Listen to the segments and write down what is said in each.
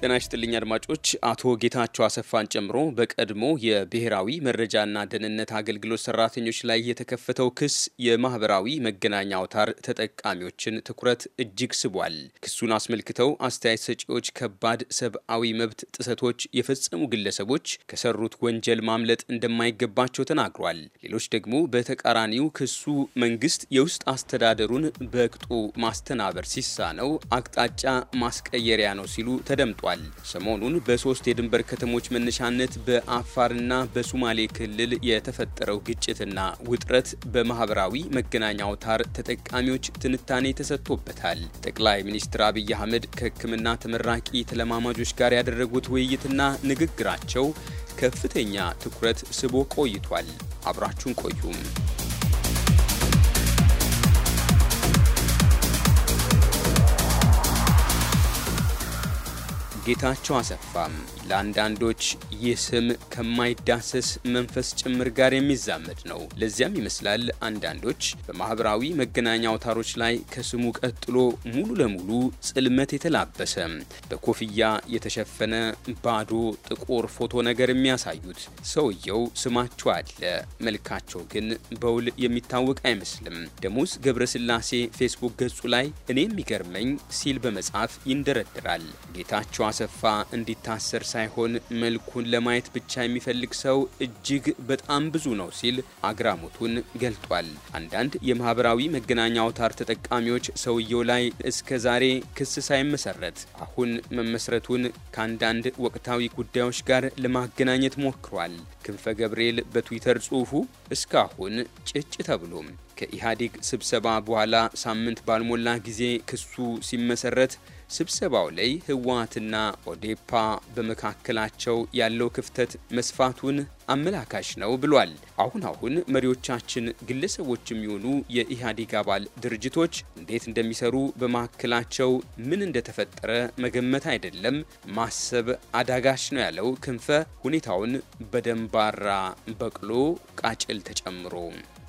ጤና ይስጥልኝ አድማጮች። አቶ ጌታቸው አሰፋን ጨምሮ በቀድሞ የብሔራዊ መረጃና ደህንነት አገልግሎት ሰራተኞች ላይ የተከፈተው ክስ የማህበራዊ መገናኛ አውታር ተጠቃሚዎችን ትኩረት እጅግ ስቧል። ክሱን አስመልክተው አስተያየት ሰጪዎች ከባድ ሰብአዊ መብት ጥሰቶች የፈጸሙ ግለሰቦች ከሰሩት ወንጀል ማምለጥ እንደማይገባቸው ተናግሯል። ሌሎች ደግሞ በተቃራኒው ክሱ መንግስት የውስጥ አስተዳደሩን በቅጡ ማስተናበር ሲሳነው አቅጣጫ ማስቀየሪያ ነው ሲሉ ተደምጧል። አስታውቋል። ሰሞኑን በሶስት የድንበር ከተሞች መነሻነት በአፋርና በሱማሌ ክልል የተፈጠረው ግጭትና ውጥረት በማህበራዊ መገናኛ አውታር ተጠቃሚዎች ትንታኔ ተሰጥቶበታል። ጠቅላይ ሚኒስትር አብይ አህመድ ከሕክምና ተመራቂ ተለማማጆች ጋር ያደረጉት ውይይትና ንግግራቸው ከፍተኛ ትኩረት ስቦ ቆይቷል። አብራችሁን ቆዩም። ጌታቸው አሰፋም ለአንዳንዶች ይህ ስም ከማይዳሰስ መንፈስ ጭምር ጋር የሚዛመድ ነው። ለዚያም ይመስላል አንዳንዶች በማህበራዊ መገናኛ አውታሮች ላይ ከስሙ ቀጥሎ ሙሉ ለሙሉ ጽልመት የተላበሰ በኮፍያ የተሸፈነ ባዶ ጥቁር ፎቶ ነገር የሚያሳዩት። ሰውየው ስማቸው አለ፣ መልካቸው ግን በውል የሚታወቅ አይመስልም። ደሞዝ ገብረስላሴ ፌስቡክ ገጹ ላይ እኔ የሚገርመኝ ሲል በመጻፍ ይንደረድራል። ጌታቸው አሰፋ እንዲታሰር ሳይሆን መልኩን ለማየት ብቻ የሚፈልግ ሰው እጅግ በጣም ብዙ ነው ሲል አግራሞቱን ገልጧል። አንዳንድ የማህበራዊ መገናኛ አውታር ተጠቃሚዎች ሰውየው ላይ እስከ ዛሬ ክስ ሳይመሰረት አሁን መመስረቱን ከአንዳንድ ወቅታዊ ጉዳዮች ጋር ለማገናኘት ሞክሯል። ክንፈ ገብርኤል በትዊተር ጽሑፉ እስካሁን ጭጭ ተብሎም ከኢህአዴግ ስብሰባ በኋላ ሳምንት ባልሞላ ጊዜ ክሱ ሲመሰረት ስብሰባው ላይ ህወሀትና ኦዴፓ በመካከላቸው ያለው ክፍተት መስፋቱን አመላካሽ ነው ብሏል። አሁን አሁን መሪዎቻችን ግለሰቦች የሚሆኑ የኢህአዴግ አባል ድርጅቶች እንዴት እንደሚሰሩ በማዕከላቸው ምን እንደተፈጠረ መገመት አይደለም ማሰብ አዳጋች ነው ያለው ክንፈ ሁኔታውን በደንባራ በቅሎ ቃጭል ተጨምሮ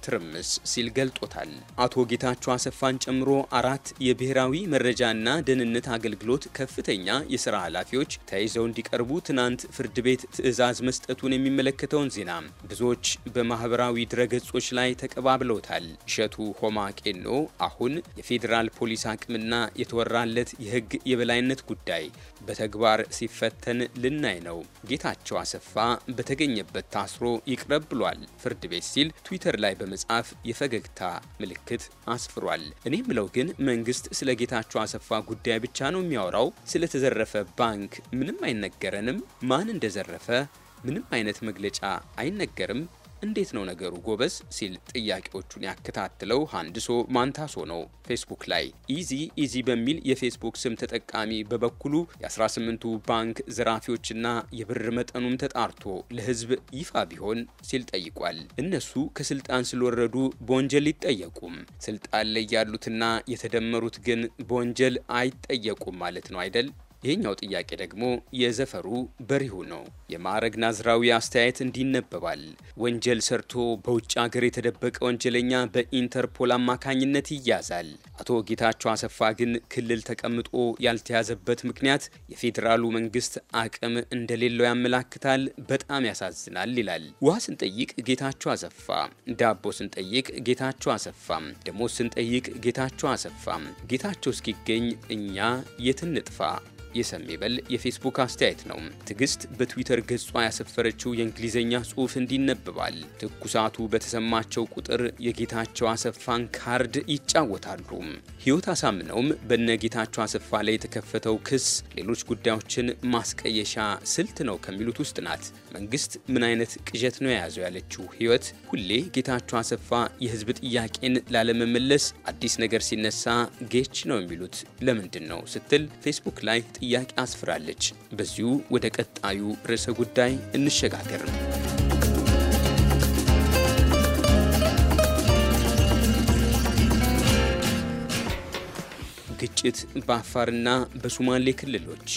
ትርምስ ሲል ገልጦታል። አቶ ጌታቸው አሰፋን ጨምሮ አራት የብሔራዊ መረጃና ደህንነት አገልግሎት ከፍተኛ የስራ ኃላፊዎች ተይዘው እንዲቀርቡ ትናንት ፍርድ ቤት ትዕዛዝ መስጠቱን የሚመለከት የተመለከተውን ዜና ብዙዎች በማህበራዊ ድረገጾች ላይ ተቀባብለውታል። እሸቱ ሆማ ቄኖ አሁን የፌዴራል ፖሊስ አቅምና የተወራለት የህግ የበላይነት ጉዳይ በተግባር ሲፈተን ልናይ ነው። ጌታቸው አሰፋ በተገኘበት ታስሮ ይቅረብ ብሏል ፍርድ ቤት ሲል ትዊተር ላይ በመጻፍ የፈገግታ ምልክት አስፍሯል። እኔ ምለው ግን መንግስት ስለ ጌታቸው አሰፋ ጉዳይ ብቻ ነው የሚያወራው? ስለተዘረፈ ባንክ ምንም አይነገረንም? ማን እንደዘረፈ ምንም አይነት መግለጫ አይነገርም። እንዴት ነው ነገሩ ጎበዝ? ሲል ጥያቄዎቹን ያከታትለው ሀንድሶ ማንታሶ ነው። ፌስቡክ ላይ ኢዚ ኢዚ በሚል የፌስቡክ ስም ተጠቃሚ በበኩሉ የ18ቱ ባንክ ዘራፊዎችና የብር መጠኑም ተጣርቶ ለሕዝብ ይፋ ቢሆን ሲል ጠይቋል። እነሱ ከስልጣን ስለወረዱ በወንጀል ይጠየቁም፣ ስልጣን ላይ ያሉትና የተደመሩት ግን በወንጀል አይጠየቁም ማለት ነው አይደል? ይህኛው ጥያቄ ደግሞ የዘፈሩ በሪሁ ነው። የማዕረግ ናዝራዊ አስተያየት እንዲነበባል ወንጀል ሰርቶ በውጭ ሀገር የተደበቀ ወንጀለኛ በኢንተርፖል አማካኝነት ይያዛል። አቶ ጌታቸው አሰፋ ግን ክልል ተቀምጦ ያልተያዘበት ምክንያት የፌዴራሉ መንግስት አቅም እንደሌለው ያመላክታል፣ በጣም ያሳዝናል ይላል። ውሃ ስንጠይቅ ጌታቸው አሰፋ፣ ዳቦ ስንጠይቅ ጌታቸው አሰፋም፣ ደሞዝ ስንጠይቅ ጌታቸው አሰፋም። ጌታቸው እስኪገኝ እኛ የት እንጥፋ? የሰሜበል የፌስቡክ አስተያየት ነው። ትዕግስት በትዊተር ገጿ ያሰፈረችው የእንግሊዝኛ ጽሑፍ እንዲነበባል። ትኩሳቱ በተሰማቸው ቁጥር የጌታቸው አሰፋን ካርድ ይጫወታሉ። ሕይወት አሳምነውም በነ ጌታቸው አሰፋ ላይ የተከፈተው ክስ ሌሎች ጉዳዮችን ማስቀየሻ ስልት ነው ከሚሉት ውስጥ ናት። መንግስት ምን አይነት ቅዠት ነው የያዘው ያለችው ህይወት ሁሌ ጌታቸው አሰፋ የህዝብ ጥያቄን ላለመመለስ አዲስ ነገር ሲነሳ ጌች ነው የሚሉት ለምንድን ነው ስትል ፌስቡክ ላይ ጥያቄ አስፍራለች። በዚሁ ወደ ቀጣዩ ርዕሰ ጉዳይ እንሸጋገር። ግጭት በአፋርና በሶማሌ ክልሎች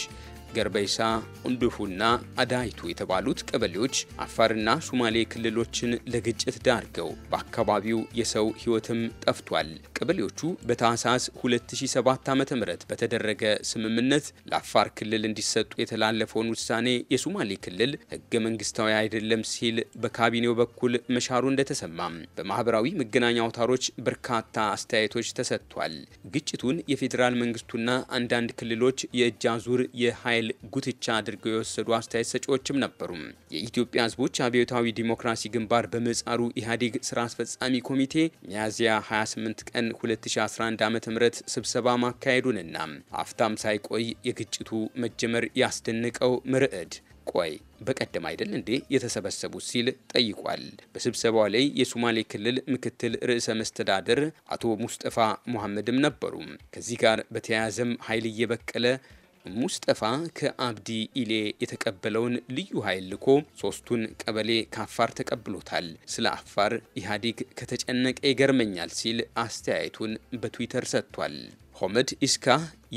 ገርበይሳ፣ ቁልድፉና አዳይቱ የተባሉት ቀበሌዎች አፋርና ሱማሌ ክልሎችን ለግጭት ዳርገው በአካባቢው የሰው ሕይወትም ጠፍቷል። ቀበሌዎቹ በታህሳስ 2007 ዓ ም በተደረገ ስምምነት ለአፋር ክልል እንዲሰጡ የተላለፈውን ውሳኔ የሶማሌ ክልል ህገ መንግስታዊ አይደለም ሲል በካቢኔው በኩል መሻሩ እንደተሰማም በማህበራዊ መገናኛ አውታሮች በርካታ አስተያየቶች ተሰጥቷል። ግጭቱን የፌዴራል መንግስቱና አንዳንድ ክልሎች የእጅ አዙር የኃይል ኃይል ጉትቻ አድርገው የወሰዱ አስተያየት ሰጪዎችም ነበሩ። የኢትዮጵያ ህዝቦች አብዮታዊ ዲሞክራሲ ግንባር በምህጻሩ ኢህአዴግ ስራ አስፈጻሚ ኮሚቴ ሚያዝያ 28 ቀን 2011 ዓ ም ስብሰባ ማካሄዱንና አፍታም ሳይቆይ የግጭቱ መጀመር ያስደነቀው ምርዕድ ቆይ በቀደም አይደል እንዴ የተሰበሰቡት ሲል ጠይቋል። በስብሰባው ላይ የሶማሌ ክልል ምክትል ርዕሰ መስተዳድር አቶ ሙስጠፋ ሙሐመድም ነበሩ። ከዚህ ጋር በተያያዘም ኃይል እየበቀለ ሙስጠፋ ከአብዲ ኢሌ የተቀበለውን ልዩ ኃይል ልኮ ሶስቱን ቀበሌ ከአፋር ተቀብሎታል። ስለ አፋር ኢህአዴግ ከተጨነቀ ይገርመኛል ሲል አስተያየቱን በትዊተር ሰጥቷል። ሆመድ ኢስካ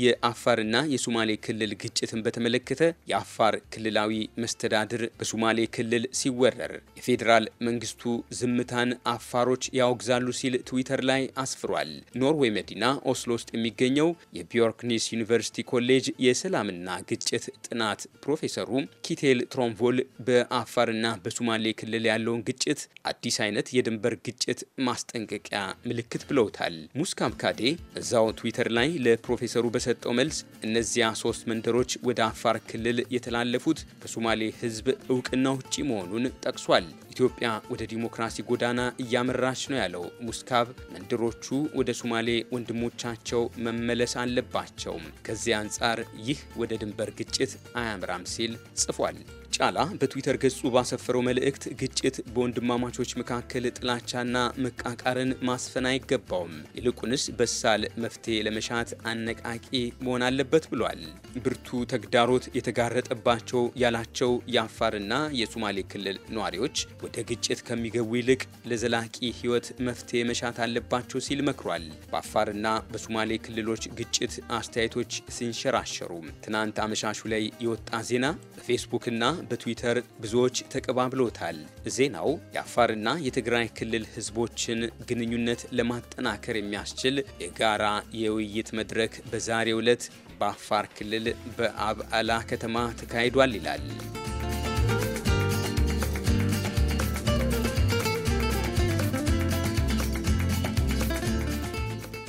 የአፋርና የሶማሌ ክልል ግጭትን በተመለከተ የአፋር ክልላዊ መስተዳድር በሶማሌ ክልል ሲወረር የፌዴራል መንግስቱ ዝምታን አፋሮች ያወግዛሉ ሲል ትዊተር ላይ አስፍሯል። ኖርዌይ መዲና ኦስሎ ውስጥ የሚገኘው የቢዮርክኒስ ዩኒቨርሲቲ ኮሌጅ የሰላምና ግጭት ጥናት ፕሮፌሰሩ ኪቴል ትሮምቮል በአፋርና በሶማሌ ክልል ያለውን ግጭት አዲስ አይነት የድንበር ግጭት ማስጠንቀቂያ ምልክት ብለውታል። ሙስካብካዴ እዛው ትዊተር ላይ ለፕሮፌሰሩ በ በሰጠው መልስ እነዚያ ሶስት መንደሮች ወደ አፋር ክልል የተላለፉት በሶማሌ ሕዝብ እውቅና ውጪ መሆኑን ጠቅሷል። ኢትዮጵያ ወደ ዲሞክራሲ ጎዳና እያመራች ነው ያለው ሙስካብ መንደሮቹ ወደ ሶማሌ ወንድሞቻቸው መመለስ አለባቸውም፣ ከዚያ አንጻር ይህ ወደ ድንበር ግጭት አያምራም ሲል ጽፏል። ጫላ በትዊተር ገጹ ባሰፈረው መልእክት ግጭት በወንድማማቾች መካከል ጥላቻና መቃቃርን ማስፈን አይገባውም፣ ይልቁንስ በሳል መፍትሄ ለመሻት አነቃቂ መሆን አለበት ብሏል። ብርቱ ተግዳሮት የተጋረጠባቸው ያላቸው የአፋርና የሶማሌ ክልል ነዋሪዎች ወደ ግጭት ከሚገቡ ይልቅ ለዘላቂ ሕይወት መፍትሄ መሻት አለባቸው ሲል መክሯል። በአፋርና በሶማሌ ክልሎች ግጭት አስተያየቶች ሲንሸራሸሩ ትናንት አመሻሹ ላይ የወጣ ዜና በፌስቡክና በትዊተር ብዙዎች ተቀባብሎታል። ዜናው የአፋርና የትግራይ ክልል ህዝቦችን ግንኙነት ለማጠናከር የሚያስችል የጋራ የውይይት መድረክ በዛሬው ዕለት በአፋር ክልል በአብዓላ ከተማ ተካሂዷል ይላል።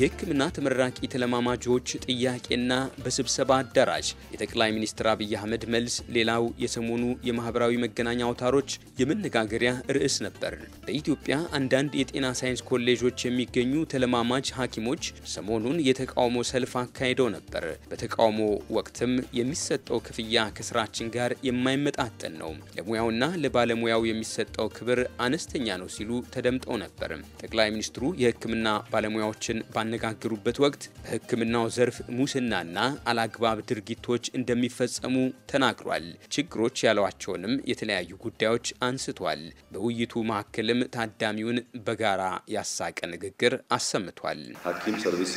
የሕክምና ተመራቂ ተለማማጆች ጥያቄና በስብሰባ አዳራሽ የጠቅላይ ሚኒስትር አብይ አህመድ መልስ ሌላው የሰሞኑ የማህበራዊ መገናኛ አውታሮች የመነጋገሪያ ርዕስ ነበር። በኢትዮጵያ አንዳንድ የጤና ሳይንስ ኮሌጆች የሚገኙ ተለማማጅ ሐኪሞች ሰሞኑን የተቃውሞ ሰልፍ አካሂደው ነበር። በተቃውሞ ወቅትም የሚሰጠው ክፍያ ከስራችን ጋር የማይመጣጠን ነው፣ ለሙያውና ለባለሙያው የሚሰጠው ክብር አነስተኛ ነው ሲሉ ተደምጠው ነበር። ጠቅላይ ሚኒስትሩ የሕክምና ባለሙያዎችን ባነጋገሩበት ወቅት በሕክምናው ዘርፍ ሙስናና አላግባብ ድርጊቶች እንደሚፈጸሙ ተናግሯል። ችግሮች ያሏቸውንም የተለያዩ ጉዳዮች አንስቷል። በውይይቱ መካከልም ታዳሚውን በጋራ ያሳቀ ንግግር አሰምቷል። ሐኪም ሰርቪስ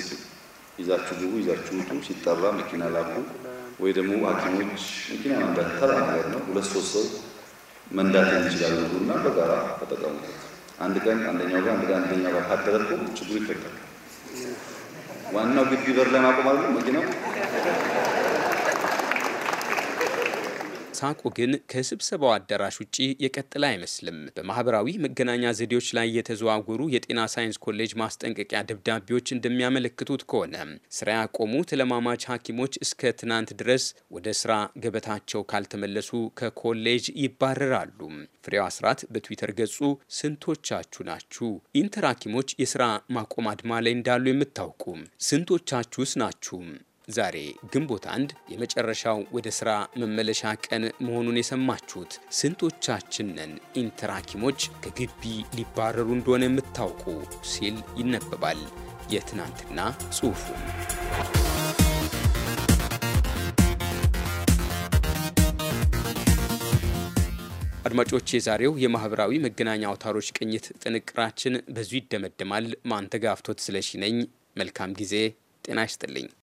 ይዛችሁ ግቡ፣ ይዛችሁ ውጡ፣ ሲጠራ መኪና ላኩ ወይ ደግሞ ሐኪሞች መኪና መንዳት ተራ ነገር ነው። ሁለት ሶስት ሰው መንዳት ይችላሉ እና በጋራ ተጠቀሙበት። አንድ ቀን አንደኛው ጋር አንድ ቀን አንደኛው ጋር ካደረግኩ ችግሩ ይፈታል። ዋናው ግቢ በር ለማቆም አሉ መኪናው ሳቁ ግን ከስብሰባው አዳራሽ ውጪ የቀጠለ አይመስልም። በማህበራዊ መገናኛ ዘዴዎች ላይ የተዘዋወሩ የጤና ሳይንስ ኮሌጅ ማስጠንቀቂያ ደብዳቤዎች እንደሚያመለክቱት ከሆነ ስራ ያቆሙ ተለማማች ሐኪሞች እስከ ትናንት ድረስ ወደ ስራ ገበታቸው ካልተመለሱ ከኮሌጅ ይባረራሉ። ፍሬው አስራት በትዊተር ገጹ ስንቶቻችሁ ናችሁ ኢንተር ሐኪሞች የስራ ማቆም አድማ ላይ እንዳሉ የምታውቁ ስንቶቻችሁስ ናችሁ ዛሬ ግንቦት አንድ የመጨረሻው ወደ ስራ መመለሻ ቀን መሆኑን የሰማችሁት ስንቶቻችንን ኢንትራኪሞች ኢንተራኪሞች ከግቢ ሊባረሩ እንደሆነ የምታውቁ ሲል ይነበባል የትናንትና ጽሑፉ። አድማጮች፣ የዛሬው የማህበራዊ መገናኛ አውታሮች ቅኝት ጥንቅራችን በዙ ይደመደማል። ማንተጋፍቶት ስለሺ ነኝ። መልካም ጊዜ። ጤና ይስጥልኝ።